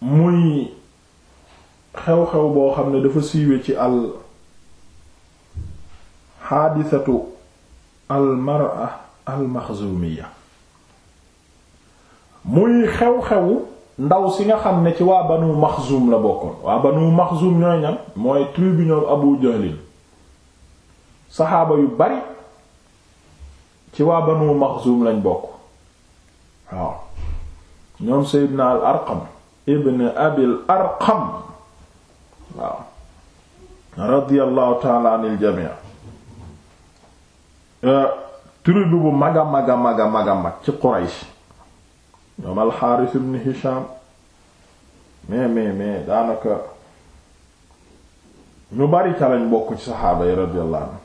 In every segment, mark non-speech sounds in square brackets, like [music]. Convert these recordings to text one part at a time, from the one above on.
muy xew-xew boo xam ne dafa siiwe ci al xaadisatu al mara al maxzumiya muy xew-xewu ndaw si nga xam ne ci waa banu maxzum la bokkoon waa banu maxzum ñooy ñan mooy tribu ñoom abu jahlin saxaaba yu bari ci waa banu maxzum lañ bokk waaw ñoom seydina al arqam ibn abil arqam waaw radiyallahu taala anil jamii euh, tribu bu mag a mag a mag mag a mag ci Quraysh ñoom alxaaris ibn Hisham mais mais mais daanaka ñu bari ca lañ bokk ci saxaaba yi radiyallahu anhu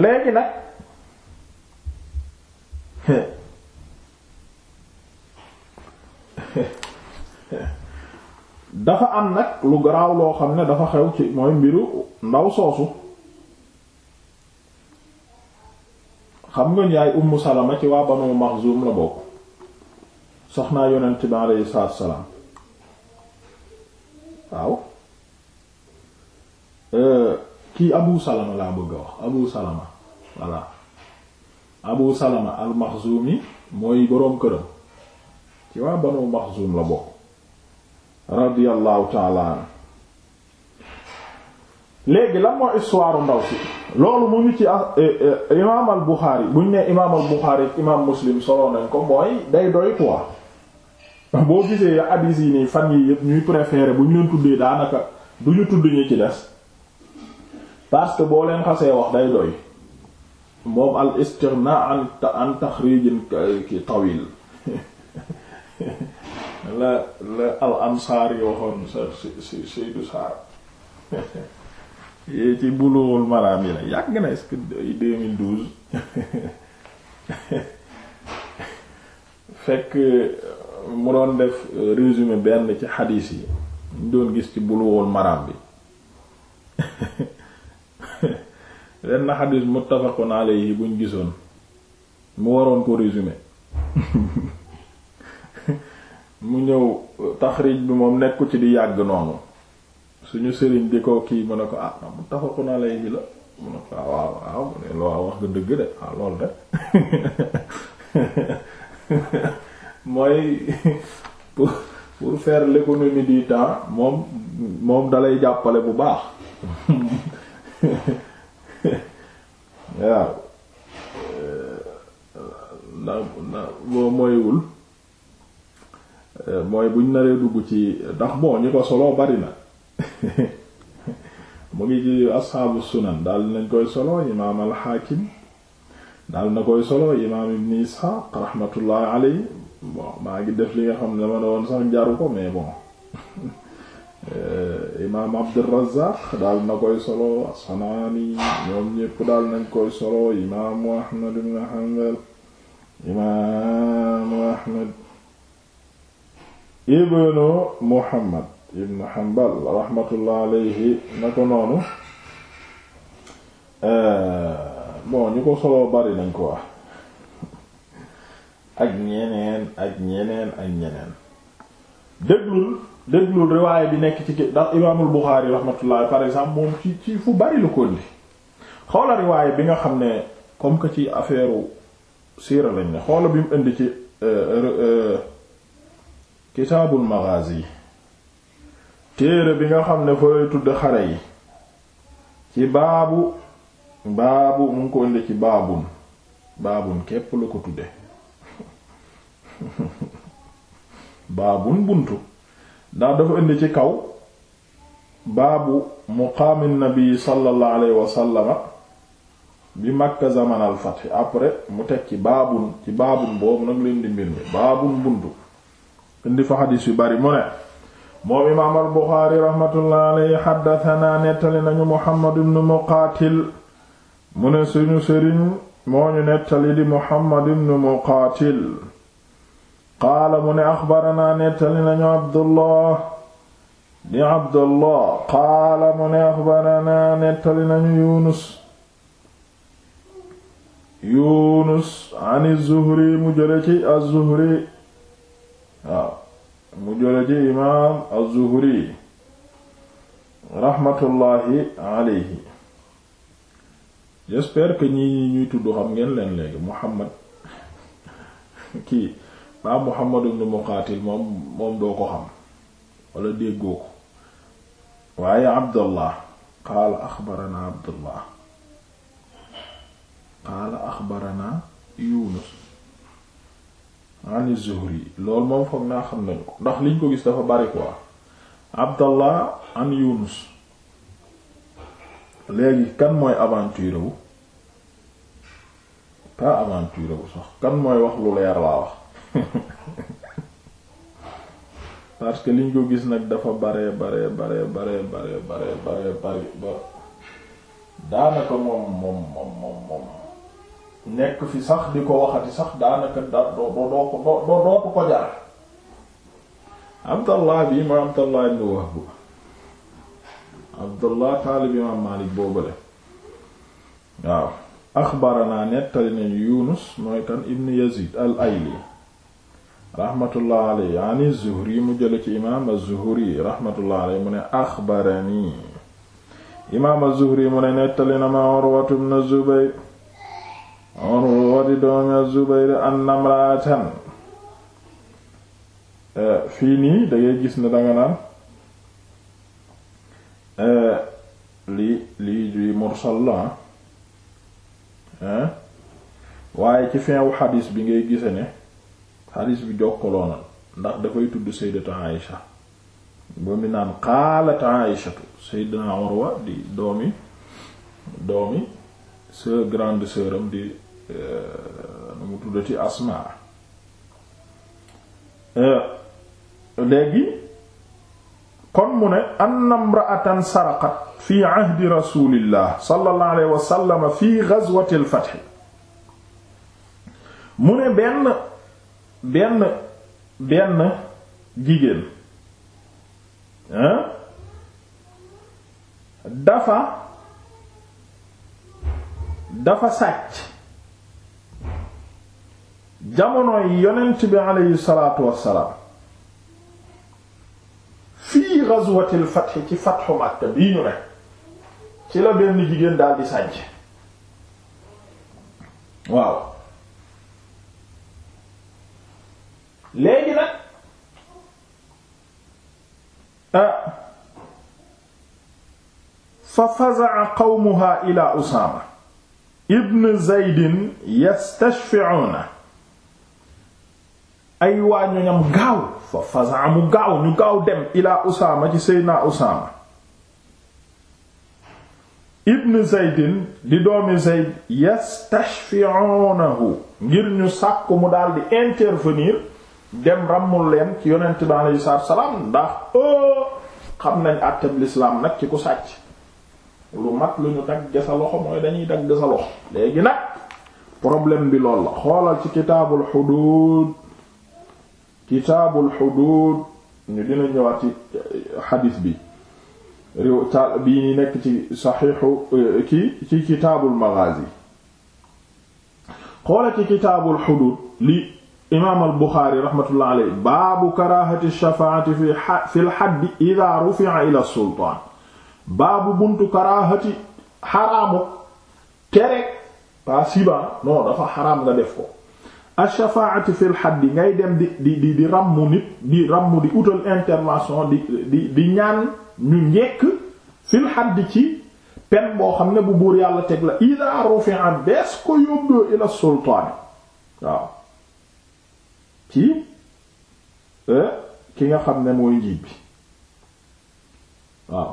léegi nag [laughs] dafa am nag lu garaaw loo xam ne dafa xew ci mooy mbiru ndaw soosu xam nga yaay ummu salama ci waa banu maxzum la bokk soxnaa yonent bi aleyhi salaatu salaam waaw euh, kii abu salama laa bëgg wax abu salama voilà abu salama al maxzumi mooy boroom këram ci waa banu Maxsum la bokk radiyallahu taala léegi lan moo histoire ndaw si loolu mu ngi ci ah, eh, eh, imaam al Buxaari buñ ne imaam al imaam Muslim solo nañ ko mooy day doy quoi boo gisee hadith yi nii fan yi yëpp ñuy préférer bu ñu leen tuddee daanaka du ñu tudd ñi ci des parce que boo leen xasee wax day doy moom al istighna an an tawil [laughs] la la al ansaar yi waxoon sa si Seydou Sarr [laughs] yee ci Bulughul Maram yi la yàgg na est-ce que deux mille [laughs] fekk euh, mu doon def euh, résumé benn ci xadiis yi ñu doon gis ci Bulughul Maram bi [laughs] benn xadiis muttafaqun yi buñ gisoon mu waroon ko résumé mu ñëw taxrij bi moom nekku ci di yàgg noonu suñu sëriñ di ko kii mu ne ko ah mu tafaku naa lay ji la mu ko ah, waaw waaw mu ne loo wax nga dëgg de ah lool de [laughs] mooy pour pour faire l'économie du temps moom moom dalay jàppale bu baax [laughs] waaw ndax euh, boo moywul Euh, mooy buñ naree dugg ci ndax bon ñi ko solo bari [laughs] mu ngi ci asxaabu sunan daal nañ koy solo imaam alxaakim daal na koy solo imaam ibni isxaaq maa ngi def li nga xam ne ma ne woon sax ko mais bon [laughs] euh, imaam abdurazaq daal na koy solo asanaani ñoom ñépp daal nañ koy solo imaamu ahmad ibn hanbal imaamu ahmad ibnu muhammad ibnu hanbal rahmatullah alayhi na ko noonu euh, bon ñu ko soloo bari nañ ko wax ak ñeneen ak ñeneen ak ñeneen déglul déglul riwaay bi nekk ci ki ndax imaamul buxaari rahmatullah par exemple moom ci fu bari la ko indi xoola riwaay bi nga xam ne comme que ci affaire siira lañ ne xoola bi mu indi ci euh, euh, kitaabul maghazi téere bi nga xam ne fooy tudd xare yi ci baabu baabu mu ko ënd ci baabun baabun képp la ko tudde [laughs] baabun buntu ndax dafa ënd ci kaw baabu muqaamin nabi sallallahu alayhi wa sallama bi makka zamanal fath après mu teg ci baabun ci baabun boobu nag leen di mbir mi baabun buntu indi fa xadiis yu bari mu ne moom imaam al buxaari raxmatullahi alayhi xaddatanaa nettali nañu muhammad ibn muqaatil mu suñu sëriñ moo ñu nettali di muhammad ibn muqaatil qaala mu ne nettali nañu abdullah di abdullah qaala mu ne axbaranaa nettali nañu yunus yunus an zuhri mu jële ci az-zuhri waaw mu jële ci imaam az-Zuhri raxmatullaahi alayhi j'espère que ñi ñuy tudd xam ngeen leen léegi Muhammad kii ba Muhammad ibn Muqaatil moom moom doo ko xam wala déggoo ko waaye Abdullah qaala axbarana Abdullah qaala axbarana Yunus an Zuhri loolu moom foog naa xam nañu ko ndax liñ ko gis dafa bari quoi Abdallah an Yunus léegi kan mooy aventure wu pas aventure wu sax kan mooy wax lu leer laa wax [laughs] parce que liñ ko gis nag dafa bare bare bare bare bare bare bare bare ba daanaka moom moom moom moom nekk fi sax di ko waxati sax daanaka da doo doo doo ko doo ko jar Abdallah bi imaam Abdallah ibn Wahb Abdallah taalib imaam Maalik boobale waaw axbaranaa nettali nañu Yunus mooy kan ibn Yazid al-Ayli rahmatullah alayhi an Zuhri mu jël ci imaam az-Zuhri rahmatullah mu ne axbarani imaam az mu ne nettali na ma Urwatu ibn Zubayr Urwa di doomi Az-Zubayr anna imra'atan eh, fii nii dangay gis ne danga naan eh, lii lii juy mursal la ah eh? waaye ci fin wu bi ngay gise ne xadis bi jokkaloonal ndax dafay tudd sayyidatu Aïsha ba mi naan xaalat Aïshatu sayyidina Urwa di doomi doomi sœur grande sœuram di Euh, nu mu tuddati asmaa euh, léegi kon mu ne anna imra'atan saraqat fi ahdi rasulillah sallallahu alayhi wa sallam fi ghazwati al-fath mu ne benn benn benn jigéen dafa dafa sàcc jamonoy yonent bi aleyhi salaatu wassalaam fii ghazwatil fath ci fathu Makka bii ñu ne ci la benn jigéen daal di sànc waaw léegi nag ah fa faza'a qawmuha ila Usaama ibn Zaydin yastashfi'una ay waa gaaw fa fasaa mu gaaw ñu gaaw dem ilaa usaama ci seydinaa usaama ibn zaydin di doomi zayd yastashfi'unahu ngir ñu sàkk mu di intervenir dem ràmmul leen ci yonent bi aleyhi salaatu salaam ndax oo oh, xam nañ àttab lislaam nag ci ku sàcc lu mat lu ñu dagg sa loxo mooy dañuy dagg sa loxo léegi nag problème bi lool la xoolal ci kitaabul xuduud kitaabul xuduud ñu dina ñëwaat ci eh, xadis bi réew taal bii ni nekk ci saxiixu eh, ki ci kitaabul magaazi xoola ci kitaabul xuduud li imaam al buxaari raxmatullah aley baabu karaahati shafaati fi fi lxaddi ida rufica ila sultaan baabu buntu karaahati xaraamu tere pas siba non dafa xaraam nga def ko ash-shafaa'ati fil haddi ngay dem di di di di ràmmu nit di ràmmu di utal intervention di di ñaan ñu njekk fil ci pen boo xam ne bu buur yàlla teg la ida rufi'a bees ko yóbboo ila sultaan waaw ci eh, ki nga xam ne mooy njiit bi waaw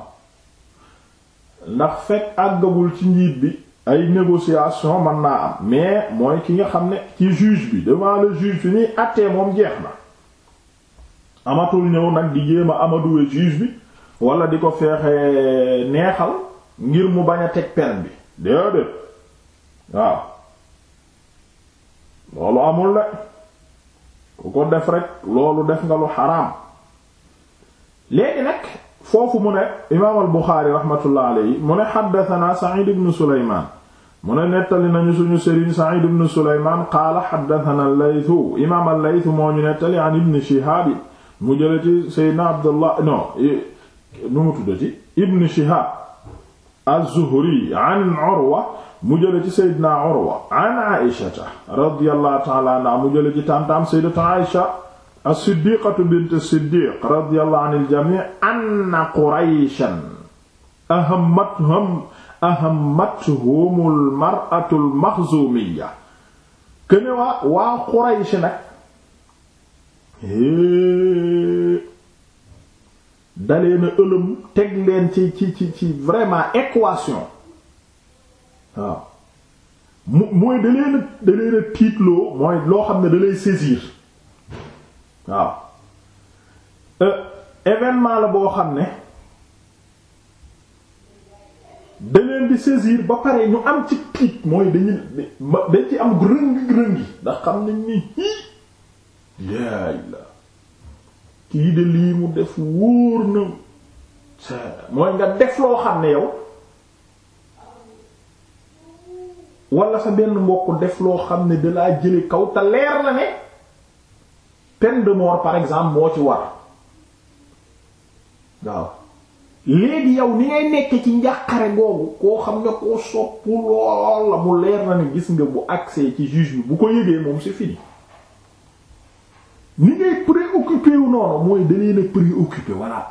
ndax fekk àggagul ci njiit bi ay négociation mën naa am mais mooy ki nga xam ne ci juge bi devant le juge bi ni àttee moom jeex na amatul ñëw nag di jéem a amaduwe juge bi wala di ko feexe neexal ngir mu bañ a teg peine bi déedéet waaw loolu amul la ku ko def rek loolu def nga lu xaraam léegi nag foofu mu ne imaam al Buxaari raxmatullah alayhi mu ne xaddatanaa Saciid ibnu Suleymaan mu ne nettali nañu suñu sëriñ Saciid ibnu Suleymaan qaala xaddatanaa al-Laysu imaam al-Laysu moo ñu nettali an ibni Shihaab mu jële ci Seydina Abdullah non nu mu tuddati ibni Shihaab az-Zuhri an Urwa mu jële ci Seydina Urwa an Aysata radiyallahu ta'ala anha mu jële ci tàntaam Sayyidatuna Aysa as-siddiqatu bint as-siddiq radiyallahu anil jami' anna qurayshan ahammathum ahammathumul mar'atul maxzuumiyya këne waa quraysh nag daleena ëlëm teg leen ci ci ci ci vraiment équation waaw mu mooy daleena daleena tiitloo mooy loo xam ne dalay saisir waaw euh, événement la boo xam ne beneen leen di saisir ba pare ñu am ci clic mooy dañu dañ ci am rëngi-rëngi ndax xam nañ ni hii yaay la kii de lii mu def wóor na mooy nga def loo xam ne yow wala sa benn mbokk def loo xam ne dalaa jële kaw ta leer la ne peine de mort par exemple moo ci war waaw léegi yow ni ngay nekk ci njàqare googu koo xam nga koo soppu lool la mu leer na ne gis nga bu accès ci juge bi bu ko yëgee moom c'est fini ni ngay préoccupé wu noonu mooy da leen a préoccupé voilà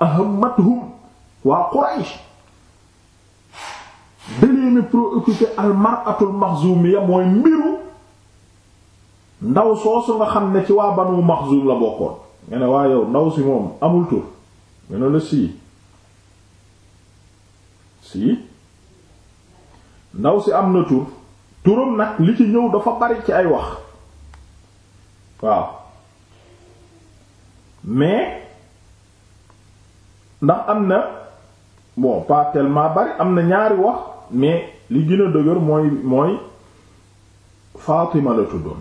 waa Quraysh da leen a préoccupé al mar'atul mooy mbiru ndaw soosu nga xam ne ci waa Banu Maxsum la bokkoon nga ne waa yow ndaw si moom amul tur nga la sii sii ndaw si am na tur turam nag li ci ñëw dafa bari ci ay wax waaw mais ndax am na bon pas tellement bari am na ñaari wax mais li gën a dëgër mooy mooy Fatima la tuddoon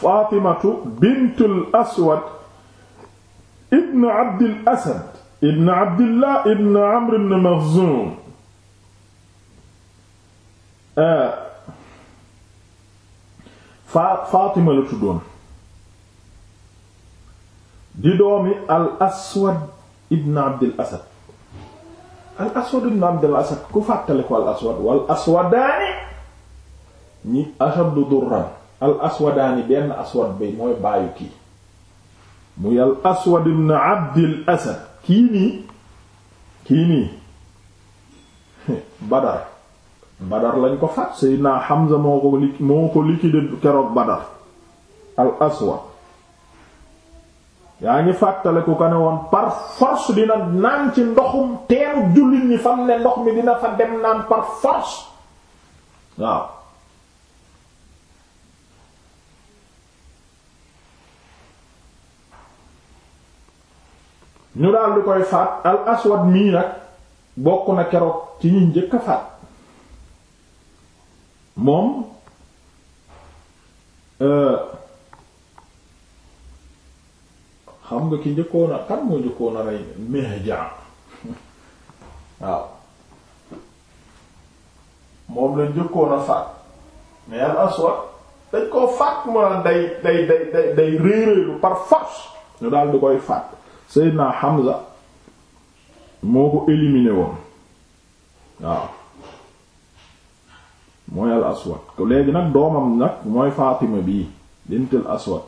faatimatu bintul aswad ibn abdil asad ibn abdillah ibn amr ibn maxzum fa faatima la tuddoon di doomi al aswad ibn abdil asad al aswad ibn abdil asad ku fàttale ko al aswad wal aswadaani ñi ashaddu durran al aswadaani benn aswad bi mooy baayu kii muy al aswad ibn abdil asad kii nii kii nii [laughs] badar badar lañ ko faat seydina Hamza moo ko li moo ko liquidé keroog badar al aswad yaa ngi fàttaliku ko ne woon par force dina naan ci ndoxum teenu jullit ñi fam ne ndox mi dina fa dem naan par waaw ñu daal di koy faat al aswad mii nag bokk na keroog ci ñi njëkk a faat moom euh, xam nga ki njëkkoon a kan moo njëkkoon a rey Mihjaan [laughs] waaw moom la njëkkoon a faat mais al aswad dañ koo faat mu naan day day day day day réeréelu par force ñu daal di koy faat Seydina Hamza moo ko éliminé woon waaw mooy al aswad léegi nag doomam nag mooy Fatima bii bintul aswad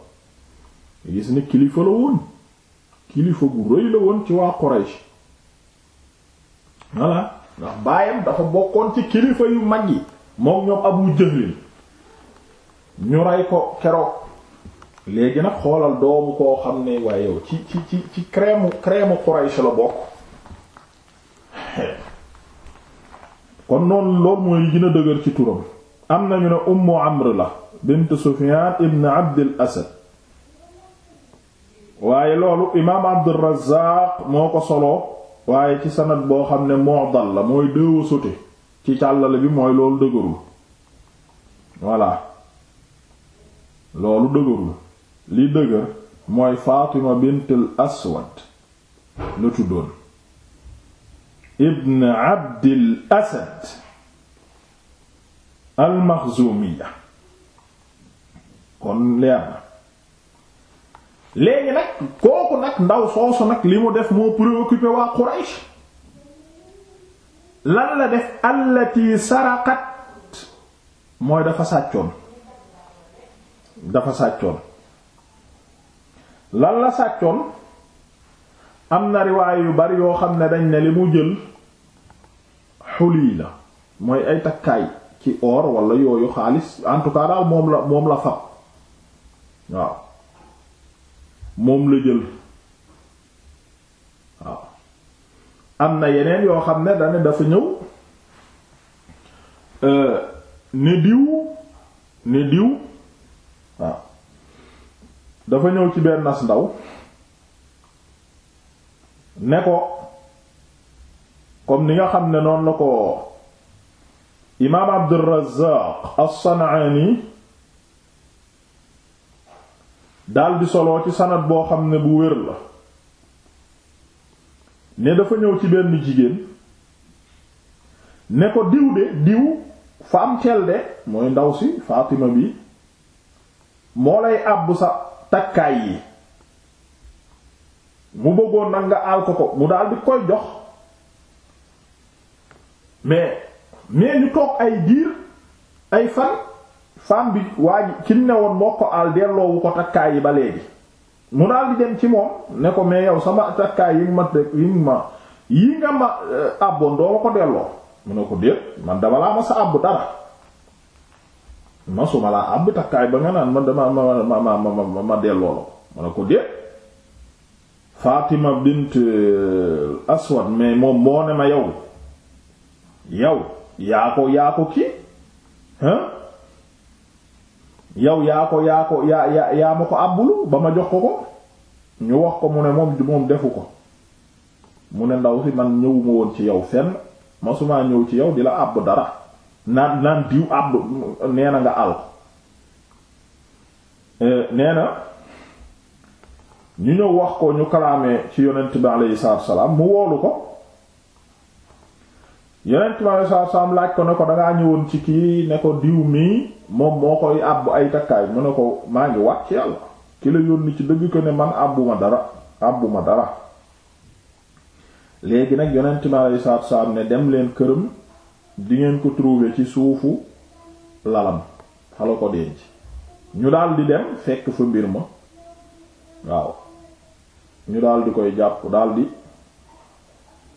gis ni kilifa la woon kilifa gu rëy la woon ci waa Quraysh voilà ndax baayam dafa bokkoon ci kilifa yu mag yi moom ñoom Abu Jahl ñu rey ko keroog léegi nag xoolal doomu koo xam ne waaye yow ci ci ci ci crème crème la bokk kon noonu loolu mooy gën dëgër ci turam am nañu ne Ummu Amr la bint Sufyan ibn Abdil Asad waaye loolu imaam Abdur Razzaq moo ko solo waaye ci sanad boo xam ne mu'dal la mooy déewa sote ci càllale bi mooy loolu dëgërul voilà loolu dëgërul li dëgër mooy Fatima bintul Aswad la tuddoon ibn Abdil Asad al kon leer na léegi nag kooku nag ndaw soosu nag li mu def moo préoccupé waa Quraysh lan la def allati saraqat mooy dafa sàccoon dafa sàccoon lan la sàccoon am na riwaay yu bari yoo xam ne dañ ne li mu jël xulii la mooy ay takkaay ci or walla yooyu xaalis en tout cas daal moom la moom la fab waaw moom la jël waaw am na yeneen yoo xam ne dane dafa ñëw euh, ne diw ne diw dafa ñëw ci benn as ndaw ne ko comme ni nga xam ne noonu na ko imaam Abdurrazzaq as-San'aani daldi soloo ci sanad boo xam ne bu wér la ne dafa ñëw ci benn jigéen ne ko diw de diw fa am teel de mooy ndaw si Faatima bi moo lay àbb sa takkaay yi mu bëggoon nag nga aal ko ko mu daal di koy jox mais mais ñu toog ay diir ay fan femme bi waa ji ci ne woon moo ko aal delloowu ko takkaay yi ba léegi mu daal di dem ci moom ne ko mais yow sama takkaay yi ma yi ma yi nga ma euh, àbboon doo ma ko delloo mu ne ko déet man dama laa ma sa àbb dara masuma laa àbb takkaay ba nga naan man dama ma ma ma ma delloo la ko ma ne ko dee Fatima bint eh, Aswad mais moom moo ne ma yow yow yaa ko yaa ko kii hein yow yaa ko yaa ko yaa yaa ma ko àbbulu ba ma jox ko ko ñu wax ko mu ne moom moom defu ko mu ne ndaw si man ñëwuma woon ci yow fenn masumaa ñëw ci yow di la àbb dara naan naan diw àbb nee nga àll euh, nee na ñu ñëw wax ko ñu kalaamee ci yonent bi aleyhi salaatu salaam mu woolu ko yonent bi aleyhi salaatu salaam laaj ko ne ko dangaa ñëwoon ci kii ne ko diw mii moom moo koy àbb ay takkaay mu ne ko maa ngi wax ci yàlla ki la yónni ci dëgg ko ne man àbbuma dara àbbuma dara léegi nag yonent bi aleyhi salaatu salaam ne dem leen këram di ngeen ko trouver ci suufu lalam xala ko denc ñu daal di dem fekk fa mbir ma waaw ñu daal di koy jàpp daal di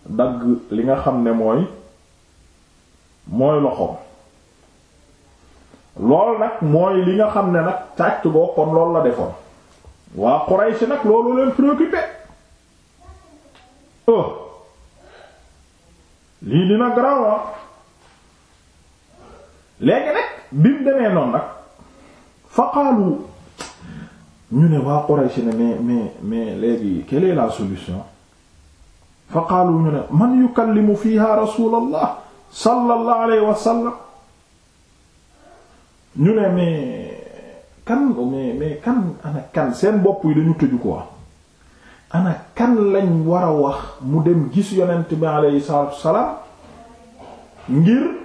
dagg li nga xam ne mooy mooy loxoom loolu nag mooy li nga xam ne nag càcc boo kon loolu la defoon waa Quraysh nag loolu leen préoccupé oh lii dina garaawa ah. léegi nag bi mu demee noonu nag fa qaalu ñu ne waa Quraysh ne mais mais mais léegi quelle est la solution fa qaalu ñu ne man yukallimu fiha rasulallah sallallahu alayhi wa sallam ñu ne mais kan mais mais kan ana kan seen bopp yi dañu tëju quoi ana kan lañ war a wax mu dem gis yonent bi alayhi salaatu wa salaam ngir.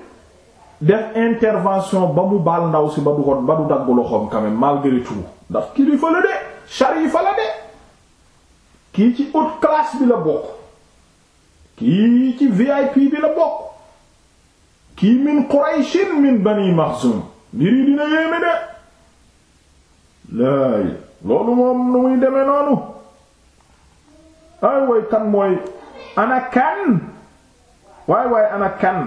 def intervention ba mu baal ndaw si ba du ko ba du dagg loxoom quand même malgré ndax kilifa la de sharifa la de kii ci haute classe bi la bokk kii ci VIP bi la bokk kii min Qurayshin min Bani Maxsum mbiri dina yéeme de laay loolu moom nu muy demee noonu ay way kan mooy ana waaye waay waay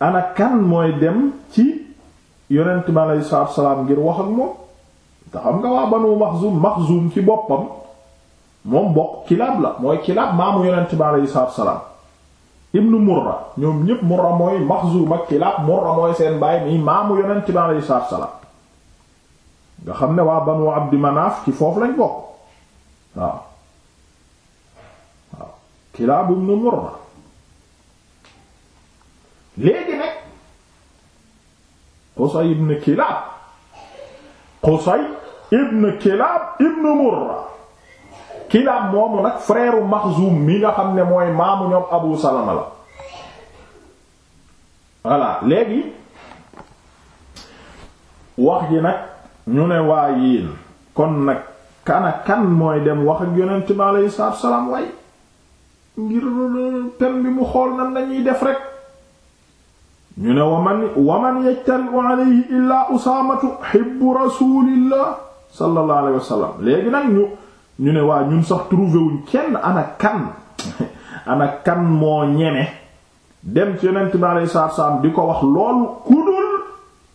ana kan mooy dem ci yonent mi sa salaatu salaam ngir wax ak moom te xam nga waa banu maxzum maxzum ci boppam moom bokk kilaab la mooy kilaab maamu yonent mi aleyhi salaatu salaam ibnu murra ñoom ñépp murra mooy maxzum ak kilaab murra mooy seen baay mi maamu yonent mi aleyhi salaatu salaam nga xam ne waa banu abdi manaaf ci foofu lañ bokk waaw waaw kilaab ibnu murra léegi nag Qusay ibn Kilaab Qusay ibn Kilaab ibn Murra Kilaab moomu nag frère Maxzum mi nga xam ne mooy maamu ñoom Abu Salama la voilà léegi wax ji nag ñu ne waa yiin kon nag kana kan mooy dem wax ak yonent bi aleyhi salaatu wa salaam waaye bi mu xool nan lañuy def rek ñu ne waman waman yajtariu alayhi illaa usaamatu xibbu rasulillah sallallahu alayhi wa sallam léegi nag ñu ñu ne waa ñun sax trouvé wuñ kenn ana kan [laughs] ana kan moo ñeme dem ci yonent bi alayhi salaatu salaam di ko wax loolu kudul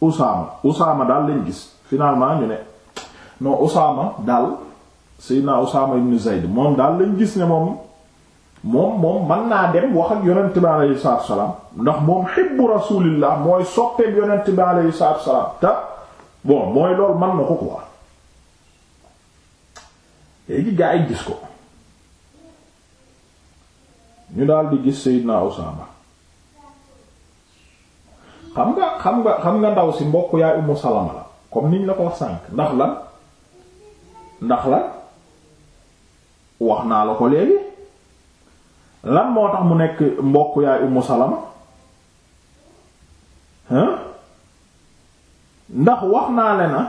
usaama usaama daal lañ gis finalement ñu ne non usaama daal sayyidina usaama ibn zayd moom daal lañ gis ne moom moom moom mën naa dem wax ak yonent bi aleyhi salaam ndax moom xibbu rasulillah mooy soppeek yonent bi aleyhi salaatu salaam te bon mooy loolu mën na ko quoi léegi gaa yi gis ko ñu daal di gis Seydina Usaama xam nga xam nga xam nga ndaw si mbokk yaay Ummu Salama la comme niñ la ko wax sànk ndax la ndax la wax naa la ko léegi lan moo tax mu nekk mbokk yaay Ummu Salama hein ndax wax naa le na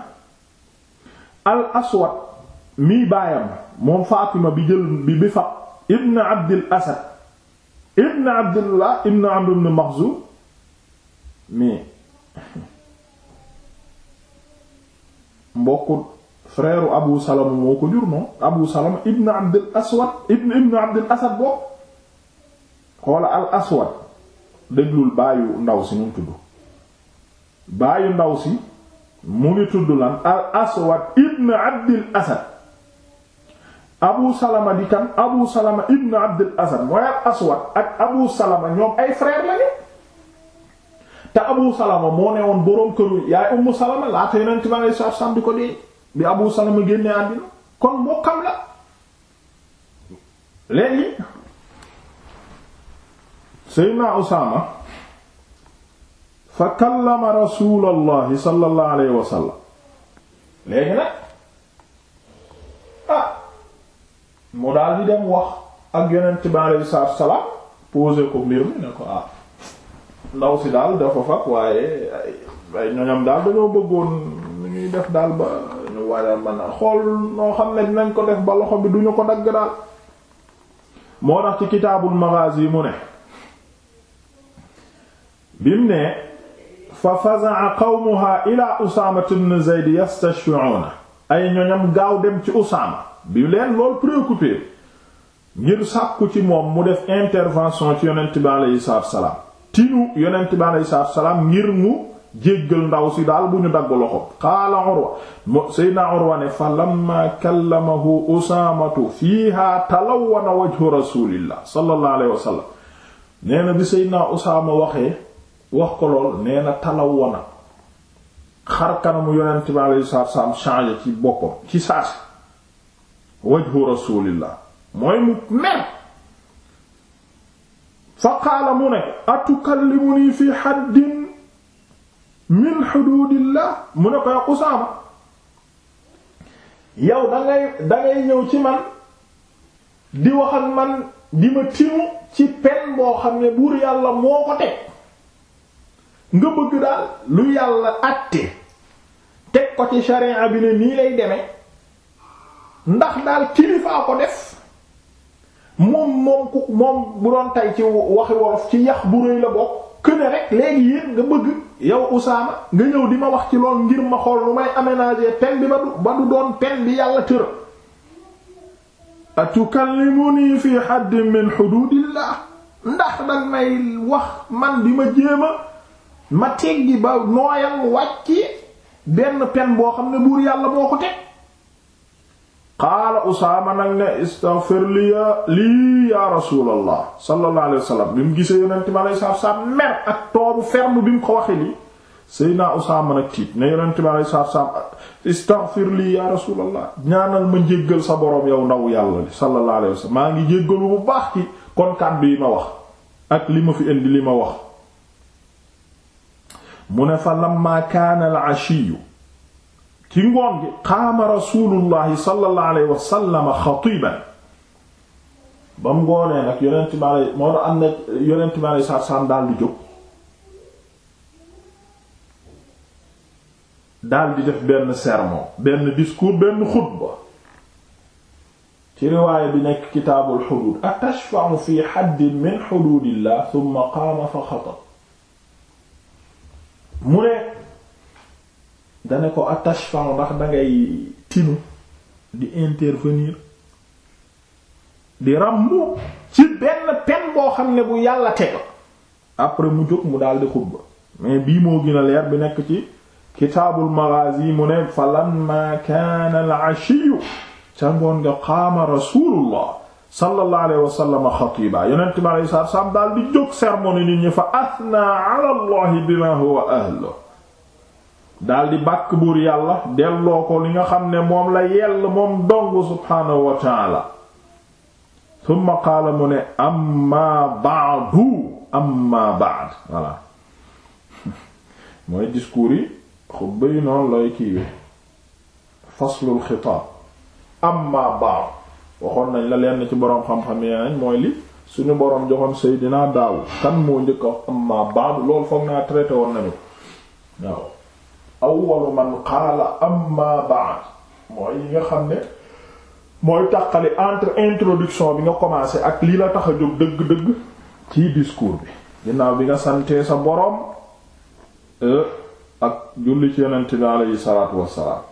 al aswad mii baayam moom Fatima bi jël bi bi fa ibn Abdil Asad ibn Abdullah ibn Amr ibn Makhzum mais mbokku Abu Salama moo ko jur noonu Abu Salama ibn Abdil Aswad ibn ibn Abdil Asad bokk xoola al aswad déglul baayu ndaw si mu tudd baayu ndaw si mu ngi tudd lan al aswad ibn abdil asad abu salama di kan abu salama ibn abdil asad mooy al abu salama ñoom ay frère lañu te abu salama moo ne woon boroom këru yaay ummu salama laata yonent ma ngay saaf saam di ko dee bi abu salama génnee àddina kon mbokkam la léegi seydna Usaama fa kallama rasuulallahi sallallahu alayhi wa sallam léegi nag ah mu daal di dem wax ak yonent bi alayhi salaatu salaam posé ko mbir mi ne ko ah ndaw si daal dafa fag waaye ay ñoñam daal dañoo bëggoon ñuy def daal ba ñu waajal man a xool noo xam ne dinañ ko def ba loxo bi duñu ko dagg daal moo tax ci kitaabul maghaazi mu ne bim ne fa faza'a qawmuha ila Usaama ibn Zayd yastashfi'una ay ñoñam gaaw dem ci Usaama bi leen lool préoccupé ngir sàkku ci moom mu def intervention ci yonent bi aleyhi salaatu salaam tinu yonent bi aleyhi ngir mu jéggal ndaw si daal bu ñu dagg loxo qaala Urwa sayyidina Urwa ne fa lamma kallamahu Usaamatu fiiha talawwana wajhu rasuulillah sallallahu alayhi wa nee na bi sayyidina Usaama waxee wax ko lool nee na talawwana xar kanamu yonent bi alayhi salaatu wa salaam ci boppam ci saasi wajhu rasulillah mooy mu mer fa qaala mu ne fi haddin min xuduudillah mu ne ko ya yow da ngay ñëw ci man di wax man di ma timu ci pen boo xam ne buur yàlla moo ko teg nga bëgg daal lu yàlla àtte teg ko ci sharia bi ne nii lay demee ndax daal kilifaa ko def moom moom ku moom bu doon tey ci waxi wolof ci yax bu rëy la bokk këne rek léegi yéen nga bëgg yow Usaama nga ñëw di ma wax ci lool ngir ma xool lu may aménager pen bi ba du ba doon pen bi yàlla tër atukallimuni fi haddin min hududillah ndax danga may wax man di ma jéema ma teggi ba nooyal wàcci benn pen boo xam ne buur yàlla boo ko teg qaala usaama nag ne istaghfir li ya lii ya rasulallah sallallahu alayhi wa sallam bi mu gisee yonente bi alayhi salaatu salaam mer ak toobu ferme bi mu ko waxe li Seydina Usaama nag tiit ne yonente bi alayhi salaatu salaam istaghfir ya rasulallah ñaanal ma jéggal sa borom yow ndaw yàlla li sallallahu alayhi maa ngi jéggalu bu baax ci kon kàddu yi ma wax ak li ma fi indi li ma wax mu ne fa lamma kaana al ashiyu ci ngoon gi qaama rasulullahi sallallahu alayhi wa sallam xatiban ba mu ngoonee nag yonent bi alay moo am na yonent bi alay saat saam daal di jóg daal di def benn sermon benn discours benn xutba ci riwaaya bi nekk kitaabul xuduud atashfa'u fi haddin min xuduudillah thumma qaama fa xatab mu ne dane ko attachefan ndax dangay tinu di intervenir di ràmmu ci benn pen boo xam ne bu yàlla teg après mu jóg mu daldi xutba mais bii moo gën a leer bi nekk ci kitaabul maghazi mu ne falamma kaana al ashiyu ca ngoon nga qaama rasulullah sallallahu alayhi wa sallam xatiba yonent bi alayhi salaatu salaam daal di jóg sermon nit ñi fa asna ala allahi bima huwa ahlu daal di bàkk buur yàlla delloo ko li nga xam ne moom la yell moom dong subhaanahu wa taala qaala mu ne amma ba'du amma ba'd [laughs] mooy discours yi xutba yi noonu lay kiiwe faslul xitaab amma ba'd waxoon nañ la leen ci boroom xam-xam yeneen mooy li suñu boroom joxoon dinaa Daawud kan moo njëkk a wax amma ba'du loolu foog naa traité woon nañu waaw awwalu man qaala amma ba'd mooy yi nga xam ne mooy taqali entre introduction bi nga commencé ak lii la tax a jóg dëgg-dëgg ci discours bi ginnaaw bi nga santee sa boroom euh, ak julli ci yonent bi alayhi salaatu wassalaam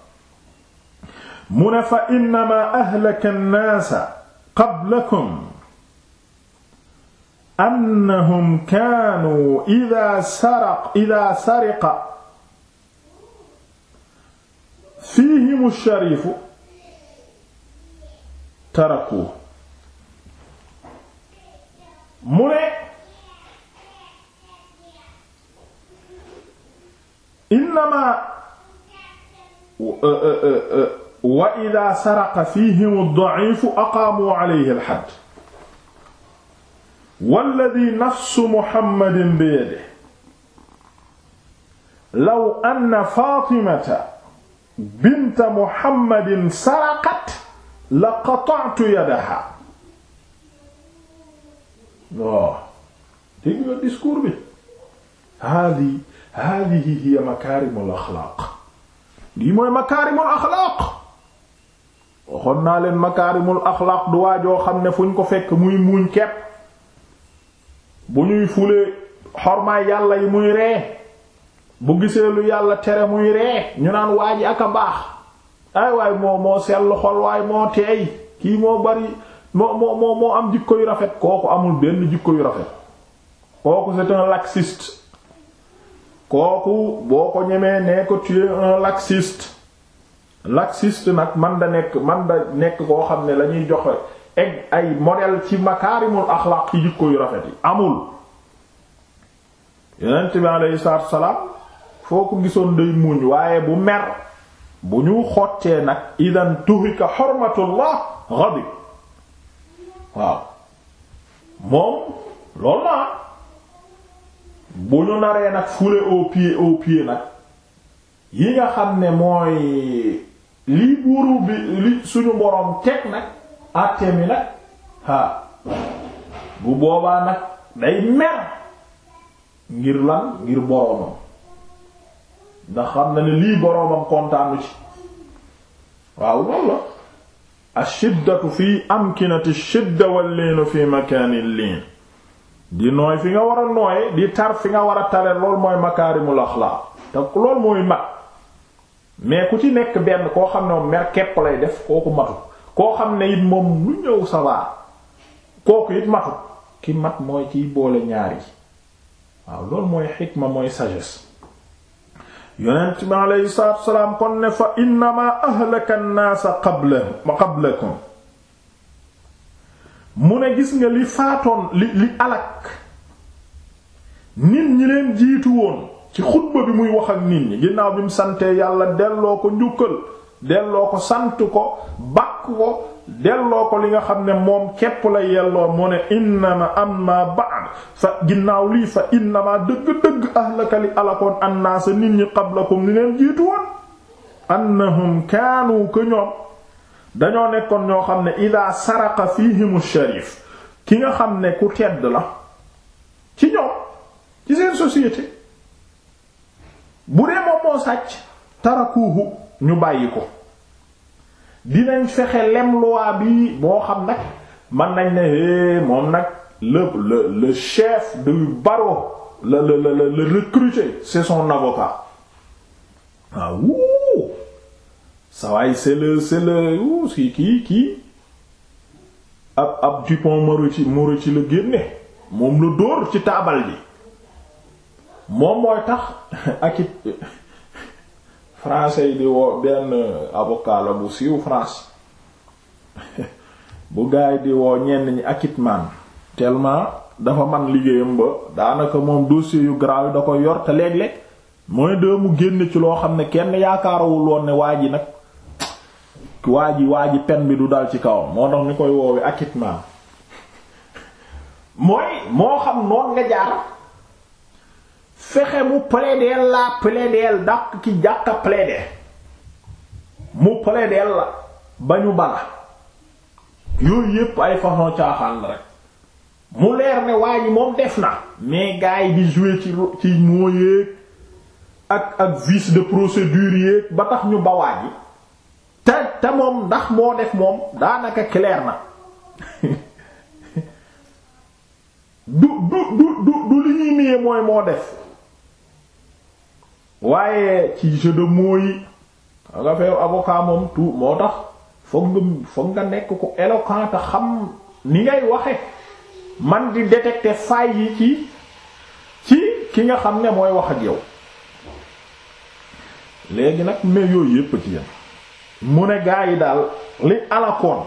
mu ne fa innama ahlaka annaasa qablakum annahum kaanu idaa saraq idaa sariqa fiihimu shariifu taraku mu ne innamaa uh, uh, uh, wa ida saraqa fihim ad-da'ifu aqaamu alayhi al-hadd walladhi nafsu muhammadin biyadihi law anna faatimata binta muhammadin saraqat laqata'tu yadaha waaw oh, dégg nga discours bi hadi hadihi hiya makaarimul axlaaq lii mooy makaarimul axlaaq waxoon naa leen makaarimul axlaaq du waajoo xam ne fu ñu ko fekk muy muuñ kepp bu ñuy fulee xormaay yàlla yi muy ree bu gisee lu yàlla tere muy ree ñu naan waa ji ak a baax ay waay moo moo sell xol moo teey kii moo bari moo moo moo am jikko yu rafet kooku amul benn jikko yu rafet kooku c'est un kooku boo ko ñemee nee ko tu laxiste nag man da nekk man da nekk koo xam ne lañuy ñuy joxe egg ay modèle ci makaarimul axlaaq ci jikko yu rafet yi amul yonent bi alayhi salaam foo ko gisoon day muñ waaye bu mer bu ñu xottee nag idan tuhika xormatullah ghadib waaw moom loolu naa bu ñu naree nag foulé au pied nag yi nga xam ne mooy lii buuru bi li suñu boroom teg nag àttee mi nag ha bu boobaa nag day mer ngir lan ngir boroomam ndax xam na ne lii boroomam kontaanu ci waaw loolu la ashiddatu fi amkinati shidda wal liinu fi makaanil liin di nooy fi nga war a nooye di tar fi nga war a tare lool mooy makaarimul axlaaq te loolu mooy mag mais ku ci nekk benn koo xam ne moom mer képp lay def kooku matu koo xam ne it moom lu ñëw ça kooku it matu ki mat mooy kiy boole ñaar yi waaw loolu mooy xikma mooy sagesse yonent bi aleyhi salaatu wa salaam kon fa innamaa ahlaka mu ne gis nga li faatoon li li alak nit ñi leen jiitu woon ci xutba bi muy wax ak nit ñi ginnaaw bi mu santee yàlla delloo ko njukkal delloo ko sant ko bàkk ko delloo ko li nga xam ne moom képp la yelloo mu ne innama amma ba'd fa ginnaaw lii fa innama dëgg-dëgg ahlaka li alakoon annaasa nit ñi qablakum ni leen jiitu woon annahum kaanu ko ñoom dañoo nekkoon ñoo xam ne ida saraqa fihimu sharif ki nga xam ne ku tedd la ci ñoom ci seen société bu dee moom moo sàcc tarakuuhu ñu bàyyi ko dinañ fexe lem loi bi boo xam nag mën nañ ne eh, moom nag le le le chef du barreau la la la le recruté c'est avocat waaw ah, wuu sa waay c'est si kii kii ab ab Dupont Moretti ci la génne moom la dóor ci taabal ji moom mooy tax ak it français yi di woo benn avocat bu siiw France [laughs] bu gaay di woo ñenn ñi acquittement tellement dafa man liggéeyam ba daanaka moom dossier yu grave yi da koy yor te léeg-léeg mooy de mu génn ci loo xam ne kenn yaakaarawul woon ne waa ji nag waa ji waa ji pen bi du dal ci kawam moo tax ñu koy woowee acquittement [laughs] mooy moo xam noon nga jaar fexe mu plaideel la plaideel dàq ki jàkka plaideel mu plaideel la ba ñu bala yooyu yépp ay façon caaxaan rek mu leer ne waa ji moom def na mais gars yi di jouer ci ci ak ak vice de procédure yéeg ba tax ñu ba waa ji te te moom ndax moo def moom daanaka clair na [laughs] du du du du li ñuy niye mooy moo def waaye ci jeu de mots yi xam nga feew avocat moom moo tax foog nga nekk ko éloquent te xam ni ngay waxe man di détecter failles yi ci ci ki nga xam ne mooy wax ak yow léegi nag mais yooyu yépp ci yam mu ne gaa yi daal li alakoon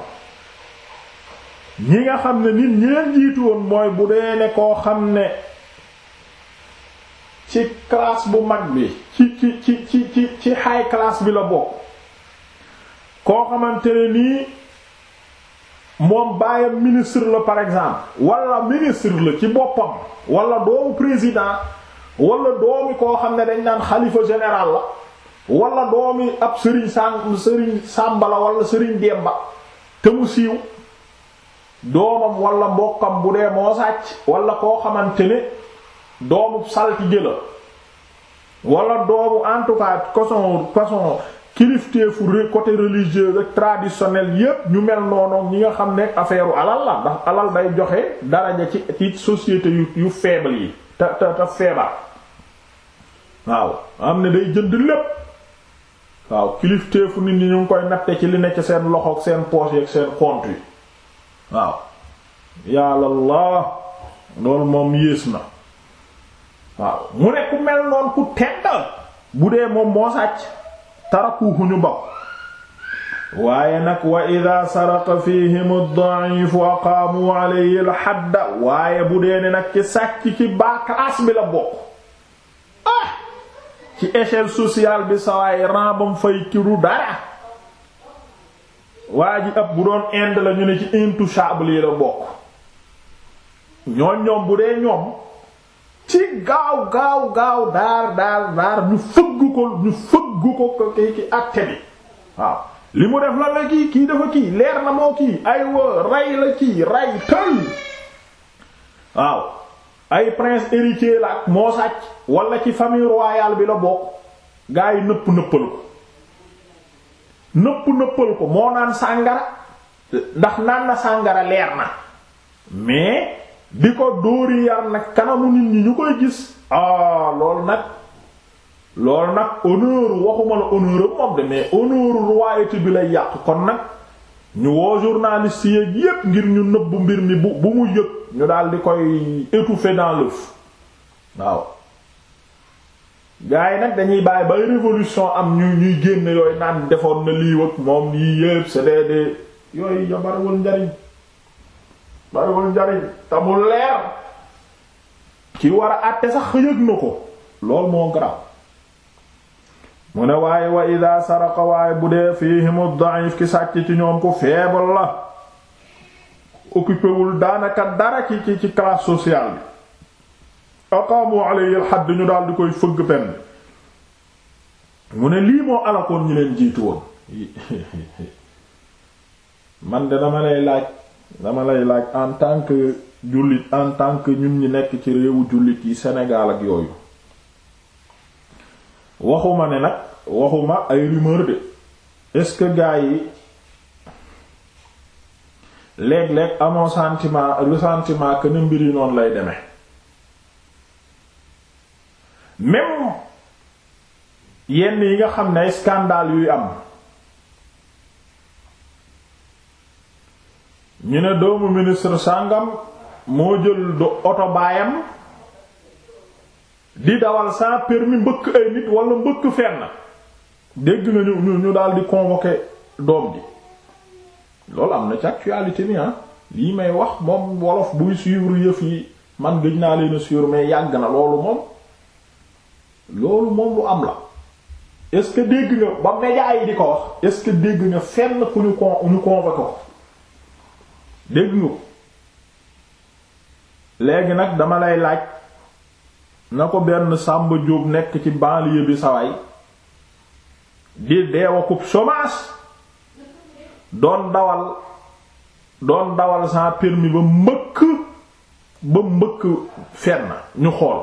ñi nga xam ne nit ñeen jiitu mooy bu dee ne koo xam ne ci classe bu mag bi ci ci ci ci ci class bi la bokk koo xamante ne nii moom baayam ministre la par exemple wala ministre la ci boppam wala doomu président wala doomi koo xam ne dañ naan xalifa général la wala doomi ab sëriñ sàn sëriñ sàmba la wala sëriñ demba te mu siiw doomam walla mbokkam bu dee moo sàcc walla koo xamante ne doomu saltige la wala doomu en tout cas façon façon kilifteefu côté religieux ak traditionnel yépp ñu mel noonu ñi nga xam ne affaire alal la ndax alal day joxe daraja ci ci société yu yu yi te te te feebar waaw am ne day jënd lépp waaw kilifteefu nit ñu ngi koy natte ci li nekk seen loxo ak seen poche ak seen compte yi waaw yàlla la loolu moom yées na waaw mu ne ku mel noon ku tedd bu dee moom moo sàcc tarakuhu ñu ba waaye nag wa ida saraqa fihim ad-da'ifu aqaamu alayhi al-hadd waaye bu dee ne nag ci sàcc ci baakaas bi la bokk ah! ci échelle sociale bi sawaay rambam fay ci dara waa ji ab bu doon ind la ñu ne ci intouchable yi la bokk ñoom ñoom bu dee ñoom ci gaaw gaaw gaaw daar daar daar ñu fëgg ko ñu fëgg ko ko kii ki àtte bi waaw li mu def la la kii kii dafa kii leer na moo kii ay wa rey la kii rey tël waaw ay prince héritier la ak moo sàcc walla ci famille royale bi la bokk gaa yi nëpp nëppal ko nëpp nëppal ko moo naan sàngara ndax naan na sàngara leer na mais di ko dóori yar nag kanamu nit ñi ñu koy gis ah loolu nag loolu nag honneur waxuma la honneur am moom de mais honneur royauté bi lay yàq kon nag ñu woo journaliste yeeg yépp ngir ñu nëbbu mbir mi bu bu mu yëg ñu daldi di koy étouffer dans l'œuf waaw gars nag dañuy bàyyi bay révolution am ñu ñuy génn yooyu naan defoon na lii wëg moom yii yépp c'est des yooyu yabarewul njariñ bariwul njariñ te leer ki war a àtte sax yëg na ko lool moo garaaw mu ne waaye wa ida saraqa waaye bu dee fihimu da'if ci ñoom ku la occupé wul daanaka dara ci ci ci classe sociale bi aqaamu alayhi al-hadd ñu daal di koy fëgg penn mu ne lii moo alakoon ñu leen jiitu woon [laughs] man de dama lay laaj dama lay laaj en tant que jullit en tant que ñun ñi nekk ci réewu jullit yi Sénégal ak yooyu waxuma ne nag waxuma ay rumeur de est yi léeg-léeg amoo sentiment le sentiment que ne mbir yi noonu lay deme même yenn yi nga xam ne ay scandale yuy am ñu ne doomu ministre sàngam moo jël do oto baayam di dawal sans permis mbëkk ay nit wala mbëkk fenn dégg nga ñu ñu daal di convoquer doom bi loolu am na ci actualité ni ah lii may wax moom wolof buy suivre yëf yi man gëj naa leen suivre mais yàgg na loolu moom loolu moom lu am la est-ce que dégg nga ba médias yi di ko wax est-ce que dégg nga fenn ku ñu con ñu convoquer ko. dégg nga léegi nag dama lay laaj na ko benn Samba Diop nekk ci banlieue bi sawaay di deew akub doon dawal doon dawal sans permis ba mbëkk ba mbëkk fenn ñu xool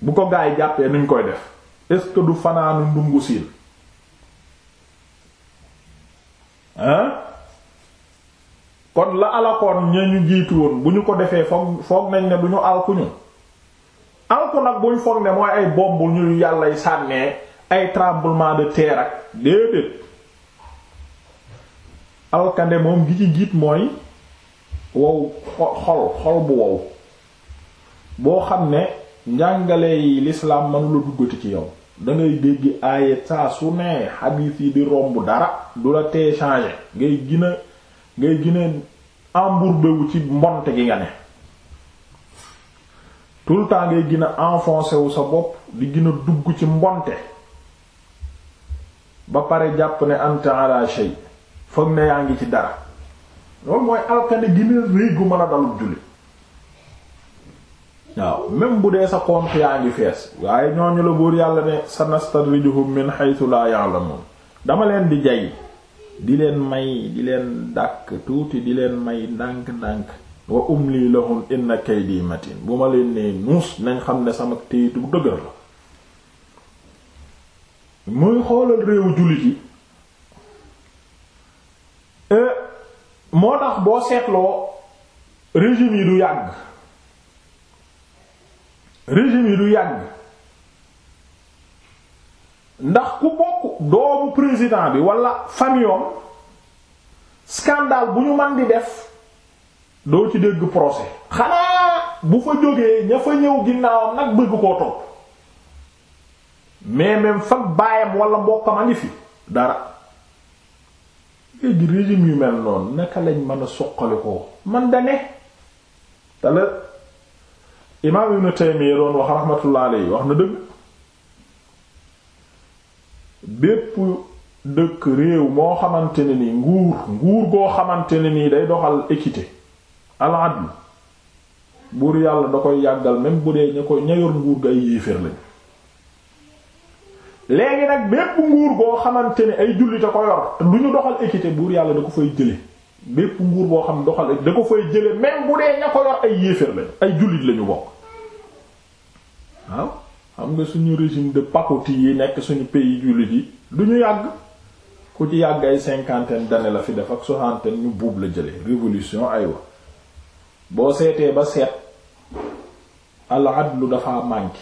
bu ko gaay jàppee nuñ koy def est du fanaanu ndungu siin hein kon la alakoon ña ñu jiitu woon bu ñu ko defee foog foog nañ ne du ñu alku ñu alku nag buñ foog ne mooy ay bombul ñu yàllay sànnee ay tremblement de terre ak déedéet alkande moom gi ci jiit mooy wow xol xol bu wow boo xam ne njàngale yi lislaam mënu la duggati ci yow dangay dégg aaye saa su ne xadiis yi di romb dara du la tee changer ngay gina ngay gëneen embourbé wu ci mbonte gi nga ne tout le temps ngay gina a enfoncé wu sa bopp di gina dugg ci mbonte ba pare jàpp ne anta ala shay foog ne yaa ngi ci dara loolu mooy alkane gi a réy gu mën a dalul julli waaw même bu dee sa compte yaa ngi fees waaye ñooñu la buur yàlla ne sanastadrijuhum min haythu la ya'lamun dama leen di jay di leen may di leen dàkk tuuti di leen may ndànk-ndànk wa umli lahum inna kaydi matin bu ma leen nee nuus nañ xam ne sama téyitu dëgër la muy xoolal réew jullit yi e, moo tax boo seetloo régime yi du yàgg régime yi du yàgg ndax ku bokk doomu président bi walla famillom scandale bu ñu man di def doo ci dégg procès xanaa bu fa jógee ña fa ñëw ginnaawam nag bëgg koo topp mais même fag baayam walla mbokkam a ngi fi dara léegi régime yu mel noonu naka lañ mën a suqali ko man da ne te la imaam Ibn Taymiyya doon wax rahmatullah alayhi wax na dëgg bépp dëkk réew moo xamante ne ni nguur nguur goo xamante ne nii day doxal équité al adl buur yàlla da koy yàggal même bu dee ña ko ña yor nguur ga ay yéeféer lañ léegi nag bépp nguur goo xamante ne ay jullit a ko yor du ñu doxal équité buur yàlla da ko fay jële bépp nguur goo xam doxal da ko fay jële même bu dee ña ko yor ay yéeféer lañ ay jullit lañu bokk waaw xam nga suñu régime de pacotille yi nekk suñu pays jullit yi du ñu yàgg ku ci yàgg ay cinquantaine d'années la fi def ak soixantaine ñu buub la jële révolution aywa boo seetee ba seet al adlu dafa manqué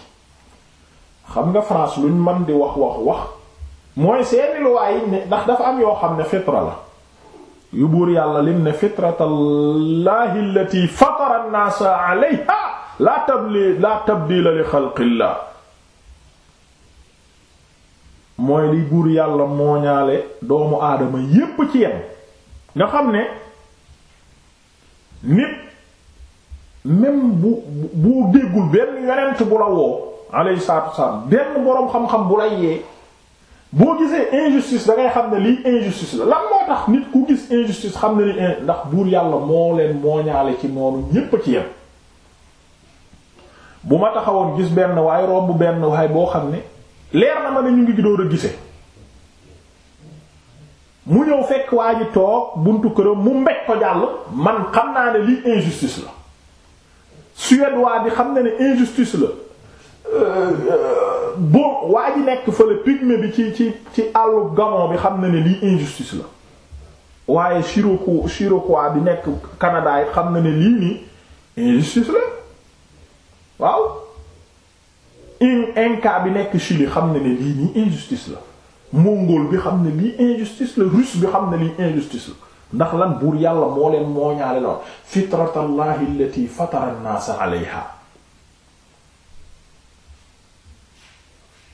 xam nga France luñ mën di wax wax wax mooy seeni luwaay yi ne ndax dafa am yoo xam ne fitra la yu buur yàlla lim ne fitratallahi allati fatara an-nasa alayha tabli la tabdila li xalqillah mooy li buur yàlla mooñaale doomu aadama yépp ci yem nga xam ne nit même bu bu déggul benn yonent bu la woo alayhi salaatu wasalaam benn boroom xam-xam bu la yee boo gisee injustice da xam ne lii injustice la lan moo tax nit ku gis injustice xam ne ni ndax buur yàlla moo leen mooñaale ci noonu ñépp ci yem bu ma taxawoon gis benn waaye romb benn waaye boo xam ne leer na ma ne ñu ngi door a gise mu ñëw fekk waa ji toog buntu këram mu mbéj ko jàll man xam naa ne lii injustice la suédois bi xam na ne injustice la euh, euh, bon waa ji nekk fële pygmée bi ci ci ci àllu Gabon bi xam na ne lii injustice la waaye Chirocou Chirocroix bi nekk Canada xam na ne lii nii injustice la waaw inca bi nekk Chili xam ne ne lii nii injustice la mongol bi xam ne lii injustice la russe bi xam ne lii injustice la ndax lan buur yàlla moo leen moo ñaale loon fitratallahi allati fatara an-naasa alayha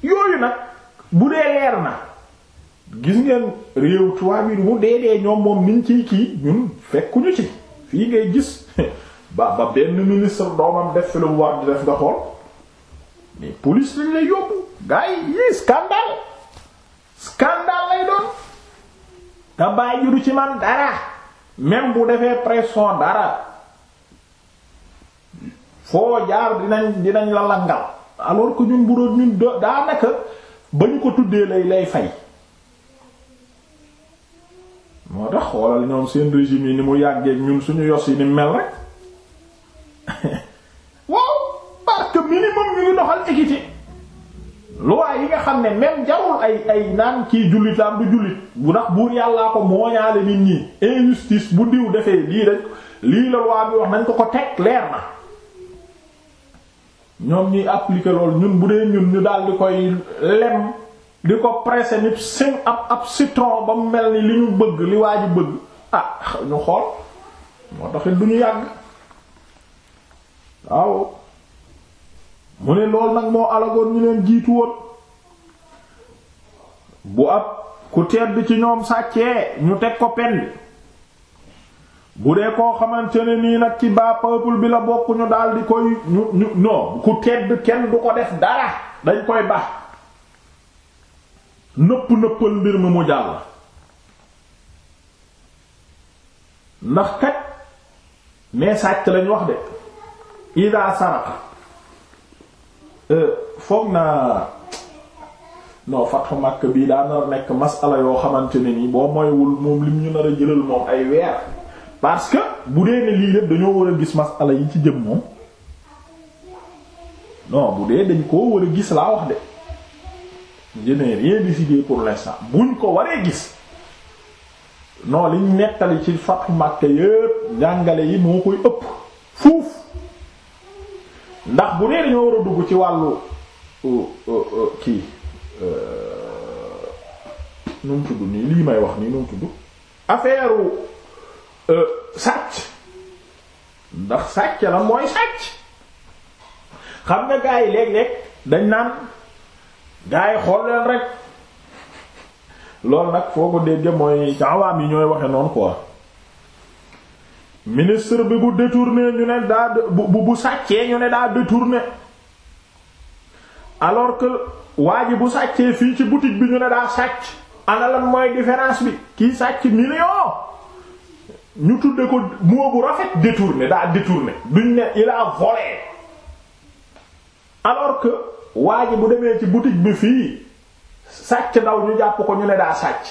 yooyu nag bu dee leer na gis ngeen réew tubaab yi bu dee dee ñoom moom niñ ciy kii ñun fekkuñu ci fii ngay gis [laughs] ba ba benn ministre doomam def fi war di def nga xool mais police lañ lay yóbbu gars yii scandale scandale lay doon te bàyyi du ci man dara même bu defee pression dara foo jaar dinañ dinañ la langal alors que ñun bu doon ñun daanaka ba ñu ko tuddee lay lay fay moo tax xoolal ñoom seen régime yi ni mu yàggee ñun suñu yos yi ni mel rek [laughs] minimum ñu ngi doxal équité loi yi nga xam ne même jarul ay ay naan kii jullit la am jullit bu ndax buur yàllaa ko mooñaale nit ñi injustice bu diw defee lii dañ lii la loi bi wax nañ ko ko teg leer na ñoom ñuy appliquer lool ñun bu dee ñun ñu daal di koy lem di ko presser nit seen ab ab citron ba mu mel ni li ñu bëgg li waa ji bëgg ah ñu xool moo taxit du yàgg waaw mu ne loolu nag moo alagoon ñu leen jiitu woon bu ab ku tedd ci ñoom sàccee ñu teg ko pen bi bu dee koo xamante ne nii nag ci baa peuple bi la bokk ñu daal di koy ñu ñu non ku tedd kenn du ko def dara dañ koy baax nëpp nëppal mbir mi mu jàll ndax kat mais sàcc lañ wax de ida saraka Euh, foog naa non fatxu Makka bii daa nar a nekk masala yoo xamante ne nii boo moywul moom lim ñu nar a jëlal moom ay weer parce que bu dee ne lii lépp dañoo war a gis masala yi ci jëm moom non bu dee dañ koo war a gis laa wax de je n'ai rien décidé pour l'instant buñ ko waree gis non liñ nettali ci fatxu Makka yépp njàngale yi moo koy ëpp fuuf ndax bu dee dañoo war a dugg ci wàllu euh, euh, euh, kii nu mu nii lii may wax nii nu mu tudd affaire sàcc ndax sàcc la mooy sàcc xam nga gaa yi léeg-léeg dañ naan gaa yi xool leen rek loolu nag foo ko dégg mooy ci awaam yi ñooy waxe noonu quoi ministre bi bu détourné ñu ne daa bu bu sàccee ñu ne daa détourné alors que waa ji bu sàccee fii ci boutique bi ñu ne daa sàcc ana mooy différence bi kii sàcc million ñu tudde ko moo bu rafet détourné daa détourné duñ ne il a volé alors que waa bu demee ci boutique bi fii sàcc ndaw ñu jàpp ko ñu ne daa sàcc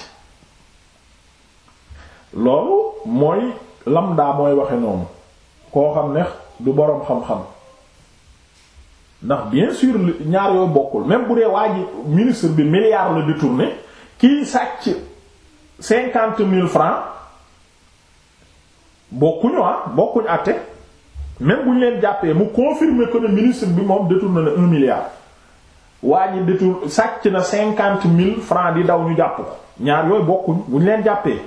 loolu mooy lam daa mooy waxe noonu koo xam ne du boroom xam-xam ndax bien sûr ñaar yooyu bokkul même bu dee waa ministre bi milliard la détourné kii sàcc cinquante mille francs bokkuñu ah bokkuñu àtte même bu ñu leen jàppee mu confirmer que ne ministre bi moom détourné na un milliard waa ji sàcc na cinquante mille francs di daw ñu jàpp ko ñaar yooyu bokkuñ bu ñu leen jàppee.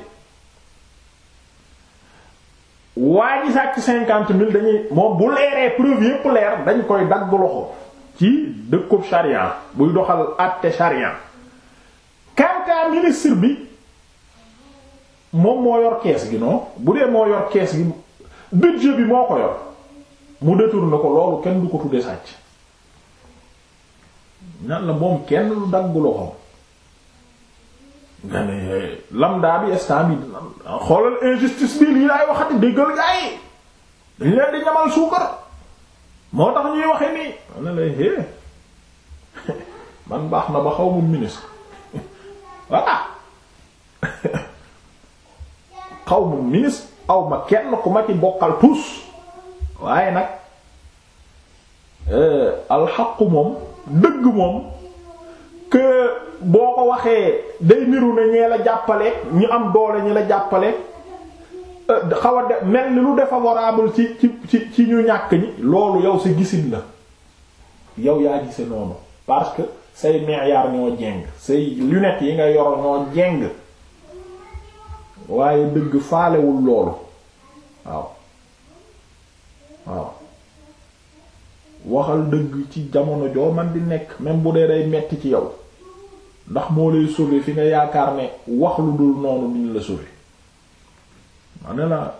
waa ji sàcc cinquante mille dañuy moom bu leeree preuve yépp leer dañu koy dagg loxo ci dëkkub sharia buy doxal àtte sharia kantaa ministre bi moom moo yor kees gi non bu dee moo yor kees gi budget bi moo ko yor mu détourné ko loolu kenn du ko tudde sàcc nan la moom kenn lu dagg loxo nga ne lambda bi instant bi xoolal injustice bi lii laay waxati déggal gaa yi dañ leen di ñamal suukar moo tax ñuy waxe nii man ne la é man baax na ba xaw mu ministre voilà xaw mu ministre aw ma kenn ku ma ci bokkal tous waaye nag euh, alxaqu moom dëgg moom kë boo ko waxee day niru ne ñee la jàppale ñu am doole ñi la jàppale euh, xaw a de mel ni lu défavorable ci ci ci ñu ñàkk ñi loolu yow si gisit la yow yaa gise noonu parce que say meeyaar ñoo jeng say lunettes yi nga yor ñoo jeng waaye dëgg faalewul loolu waaw waxal dëgg ci jamono joo man di nekk même bu dee day metti ci yow ndax moo lay sauver fi nga yaakaar ne wax lu dul noonu duñ la sauver ma ne la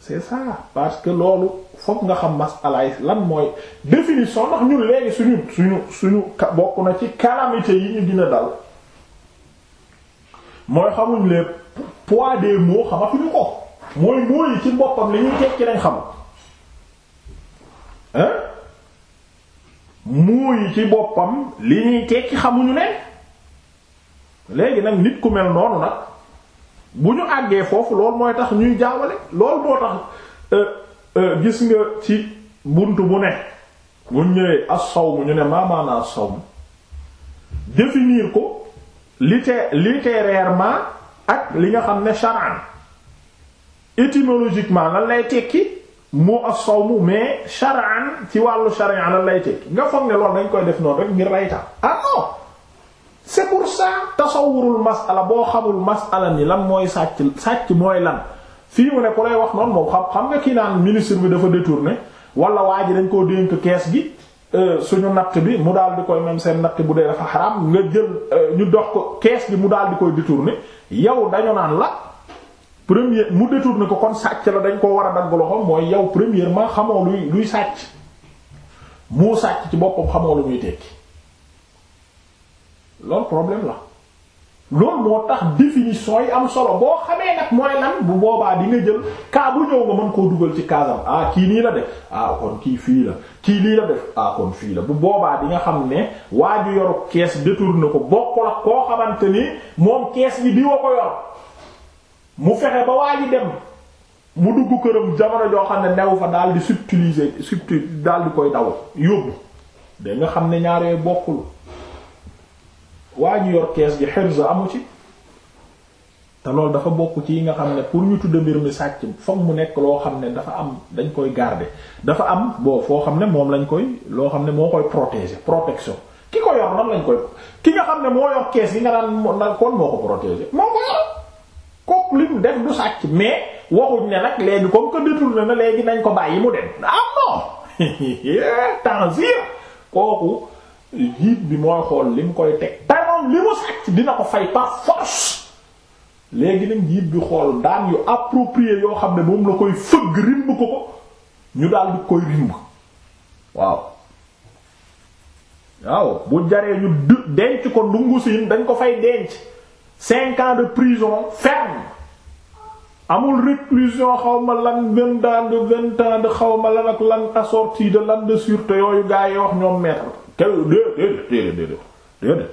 c'est ça parce que loolu fokk nga xam masalaay lan mooy définition ndax ñun léegi suñu suñu suñu bokk na ci calamité yi ñu dina dal mooy xamuñ le poids des mots xamatuñu ko mooy mots ci boppam li ñuy tekki lañ xamul hein mots ci boppam li ñuy tekki xamuñu ne léegi nag nit ku mel noonu nag bu ñu àggee foofu loolu mooy tax ñuy jaawale loolu boo tax euh, euh, gis nga ci bunt bu ne bu ñëwee as-sawm ñu ne maamaana as-sawm définir ko litté littérairement ak li nga xam ne charan étymologiquement lan lay tekki moo as-sawm mais charan ci wàllu charia lan lay tekki nga foog ne loolu dañ koy def noonu rek ngir rayta ah c'est pour ça tasawurul masala boo xamul masala ni lan mooy sàcc sàcc mooy lan fii mu ne ku lay wax noonu moom xam xam nga kii naan ministre bi dafa détourné wala waa ji dañ koo dénk kees gi euh, suñu natt bi mu daal di koy même seen natt bu dee dafa xaram nga jël euh, ñu dox ko kees gi mu daal di koy détourné yow dañu naan la premier mu détourné ko kon sàcc la dañ koo war a dagg loxo mooy yow premièrement xamoo luy luy sàcc moo sàcc ci boppam xamoo lu muy loolu problème la loolu moo tax définition yi am solo boo xamee nag mooy lan bu boobaa di nga jël kaa bu ñëw nga mën koo dugal ci kaasam ah kii nii la def ah kon kii fii la kii lii la def ah kon fii la bu boobaa di nga xam ne waa ju yoru kees détourné ko bokkul ak koo xamante ni moom kees yi di wa ko yor mu fexe ba waa dem mu dugg këram jamono joo xam ne new fa daal di subtiliser subtil daal di koy daw yóbbu da nga xam ne ñaar bokkul waa ji yor kees gi xirsa amu ci te loolu dafa bokk ci yi nga xam ne pour ñu tudd mbir mi sàcc foog mu nekk loo xam ne dafa am dañ koy garder dafa am boo foo xam ne moom lañ koy loo xam ne moo koy protéger protection ki ko yor nan lañ koy ki nga xam ne kees gi nga daan na kon moo ko protéger ko yor kooku lim def du sàcc mais waxuñ ne nag léegi comme ko détourné na léegi nañ ko bàyyi mu dem ah non [laughs] tanzir kooku jiit bi mooy xool li mu koy teg te moom li mu sàcc dina ko fay par force léegi nag jiit bi xool daan yu approprié yoo xam ne moom la koy fëgg rimb ko ko ñu daal di koy rimb waaw waaw bu jaree ñu denc ko ndungu siin dañ ko fay denc cinq ans de prison ferme amul réclusion xawma lan vingt ans de vingt ans de ma lan ak lan assorti de lan de sûreté yooyu gaa yi wax ñoom maître teew déedéet déedéet déedéet déedéet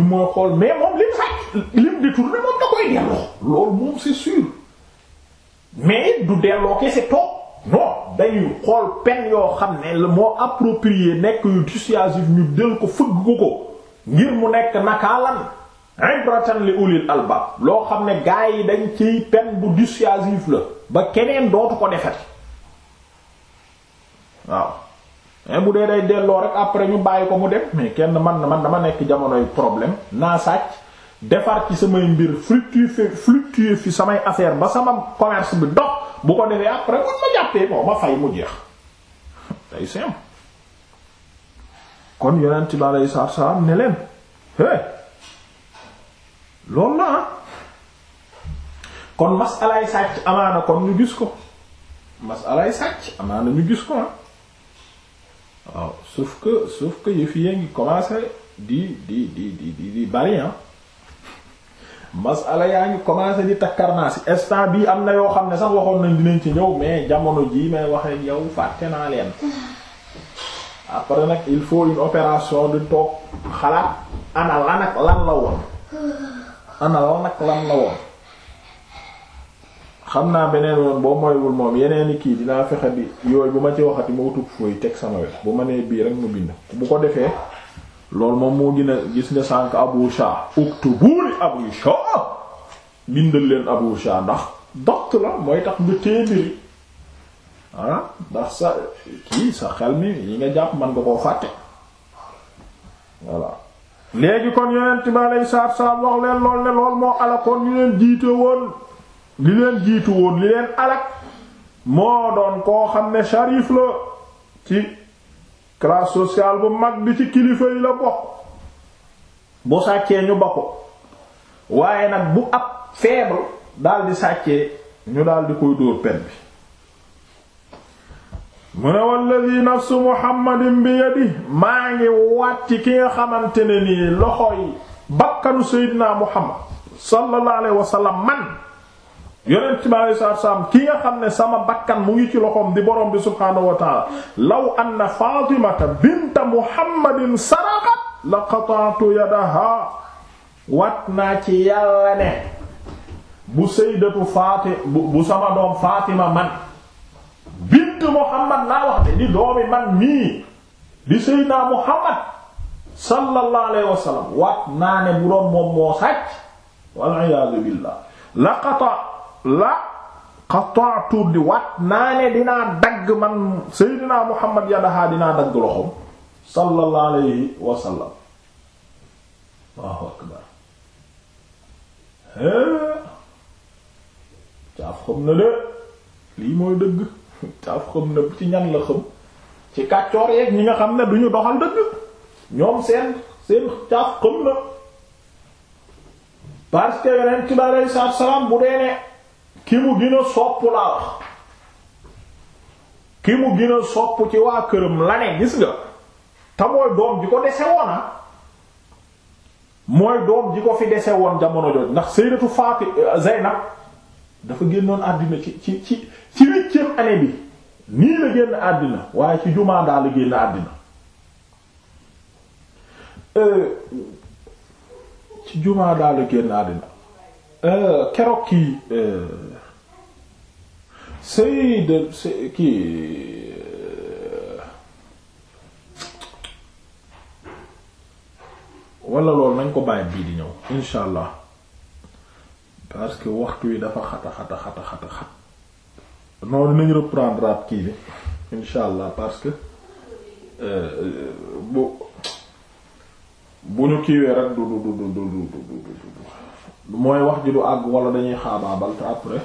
bi mooy xool mais moom lim sàcc lim détourné moom da koy delloo loolu moom c'est sûr mais du delloo kese toog non day xool peine yoo xam ne la moo approprié nekk yu dissuasif ñu del ko fëgg ko ngir mu nekk nakaalan ibratan li ulil albab loo xam ne gaa yi dañ ciy pen bu dissuasif la ba keneen dootu ko defati waaw mais eh, bu dee day delloo rek après ñu bàyyi ko mu dem mais kenn man man dama nekk jamonoy problème naa sàcc defar ci samay mbir fluctuer fluctuer fi samay affaire ba sama commerce bi dox bu ko defee après man ma jàppee bon ma fay mu jeex [laughs] day simple kon yonent bi aleyhi salaatu salaam ne leen é loolu la ah. kon masalaay sàcc amaana kon ñu gis ko masalaay sàcc amaana ñu gis ko ah waaw sauf suuf sauf que yëf yee ngi commencé di di di di di di bari hein ah. masala yaa ngi commencé di takkarnaasi instant bii am na yoo xam ne sax waxoon nañ dinañ ci ñëw mais jamono jii may waxee yow fàtte naa leen après nag il faut une opération de toog xalaat ana lan lan la woon ana lan ak lan la woon xam naa beneen yoon boo moywul moom yeneeni kii dinaa fexe bi yooyu bu ma ci waxati ma utub fooy teg sama wet bu ma nee bii rek mu bind bu ko defee loolu moom moo gën a gis nga sànk Abu Shah uktubu li Abu Shah bindal leen Abu Shah ndax dox la mooy tax nga téebiri ah ndax sa kii sa xel mi yi nga jàpp man nga koo fàtte voilà léegi kon yonent bi aleyhi salaatu wa salaam wax leen lool ne lool moo alakoon ñu leen jiite woon li leen jiitu woon li leen alak moo doon koo xam ne sharif la ci classe sociale bu mag bi ci kilifa yi la bokk bu sàccee ñu ba ko waaye nag bu ab faible daldi sàccee ñu daldi koy dóor pen bi mu ne walladi nafsu muhammadin bi maa ngi waat ci ki nga xamante ne nii loxo yi bakkanu seydinaa muhammad sallallahu alayhi wa man yonent bi alayhi salaam ki nga xam ne sama bakkan mu ngi ci loxoom di borom bi subhaanahu wa law anna Faatimata binta Muhammadin saraqat la qata'tu yadaha wat naa ci yàlla ne bu sayyidatu Faatima bu sama doom Faatima man bint Muhammad naa wax di doomi man mii di sayyidina Muhammad sallallahu alayhi wa ne bu doon moo sàcc wal iyaadu billah laqata la qata'tu di wat naa ne dinaa dagg man seydinaa muhammad yadahaa dinaa dagg loxoom sallallahu alayhi wa sallam allahu caaf xam na de lii mooy dëgg [laughs] caaf xam na ci ñan la xam ci kàccoor yeeg ñi nga xam ne duñu doxal dëgg ñoom seen seen caaf xam na parce que yonent bi aleyhi salaatu salaam bu dee ne ki mu gën sopp laa ki mu gën sopp ci waa këram la ne gis nga te mooy doom ji ko desewoon woon ah. mooy doom ji ko fi dese woon jamono jooju ndax sayyidatu Faati euh, Zaynab dafa génnoon àddina ci ci ci ci huitième année bi nii la génn àddina waaye ci jumaa daa la génn àddina euh, ci jumaa daa la génn àddina Euh, keroog kii euh, Sayyid kii euh, wala loolu nañ ko bàyyi bii di ñëw insha allah parce que waxtu wi dafa xata xata xata xat noonu nañ reprendre ab kii bi insha allah parce que bu bu ñu kiiwee rek du du du du du du du mooy wax ji du àgg wala dañuy xaabaabal te après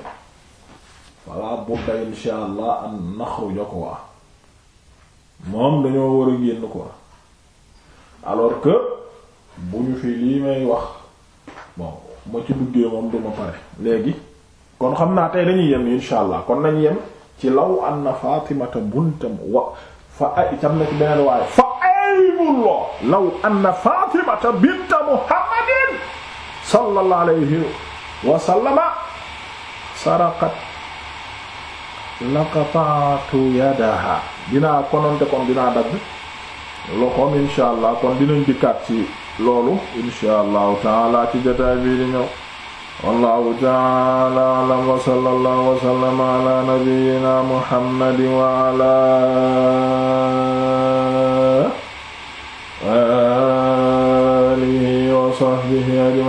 walla budda insha allah an naxruja ko waa moom dañoo war a génn quoi alors que bu ñu fi lii may wax bon ma ci duggee moom duma pare léegi kon xam naa tey dañuy yem insha kon nañ yem ci law anna fatimata buntam wa fa ay tam na ci beneen waaye fa ay mun loo law anna fatimata binta Muhammad sallallahu alayhi wa sallama saraqat laqata'tu yadaha dinaa kononte kon dinaa dagg loxoom insha allah kon dinañ dikkaat ci loolu insha allahu taala ci jotaay bii di ñëw wallahu taala a'lam wa sallallahu wa sallama ala nabiyyina muhammadin wa ala alihi wa sahbihi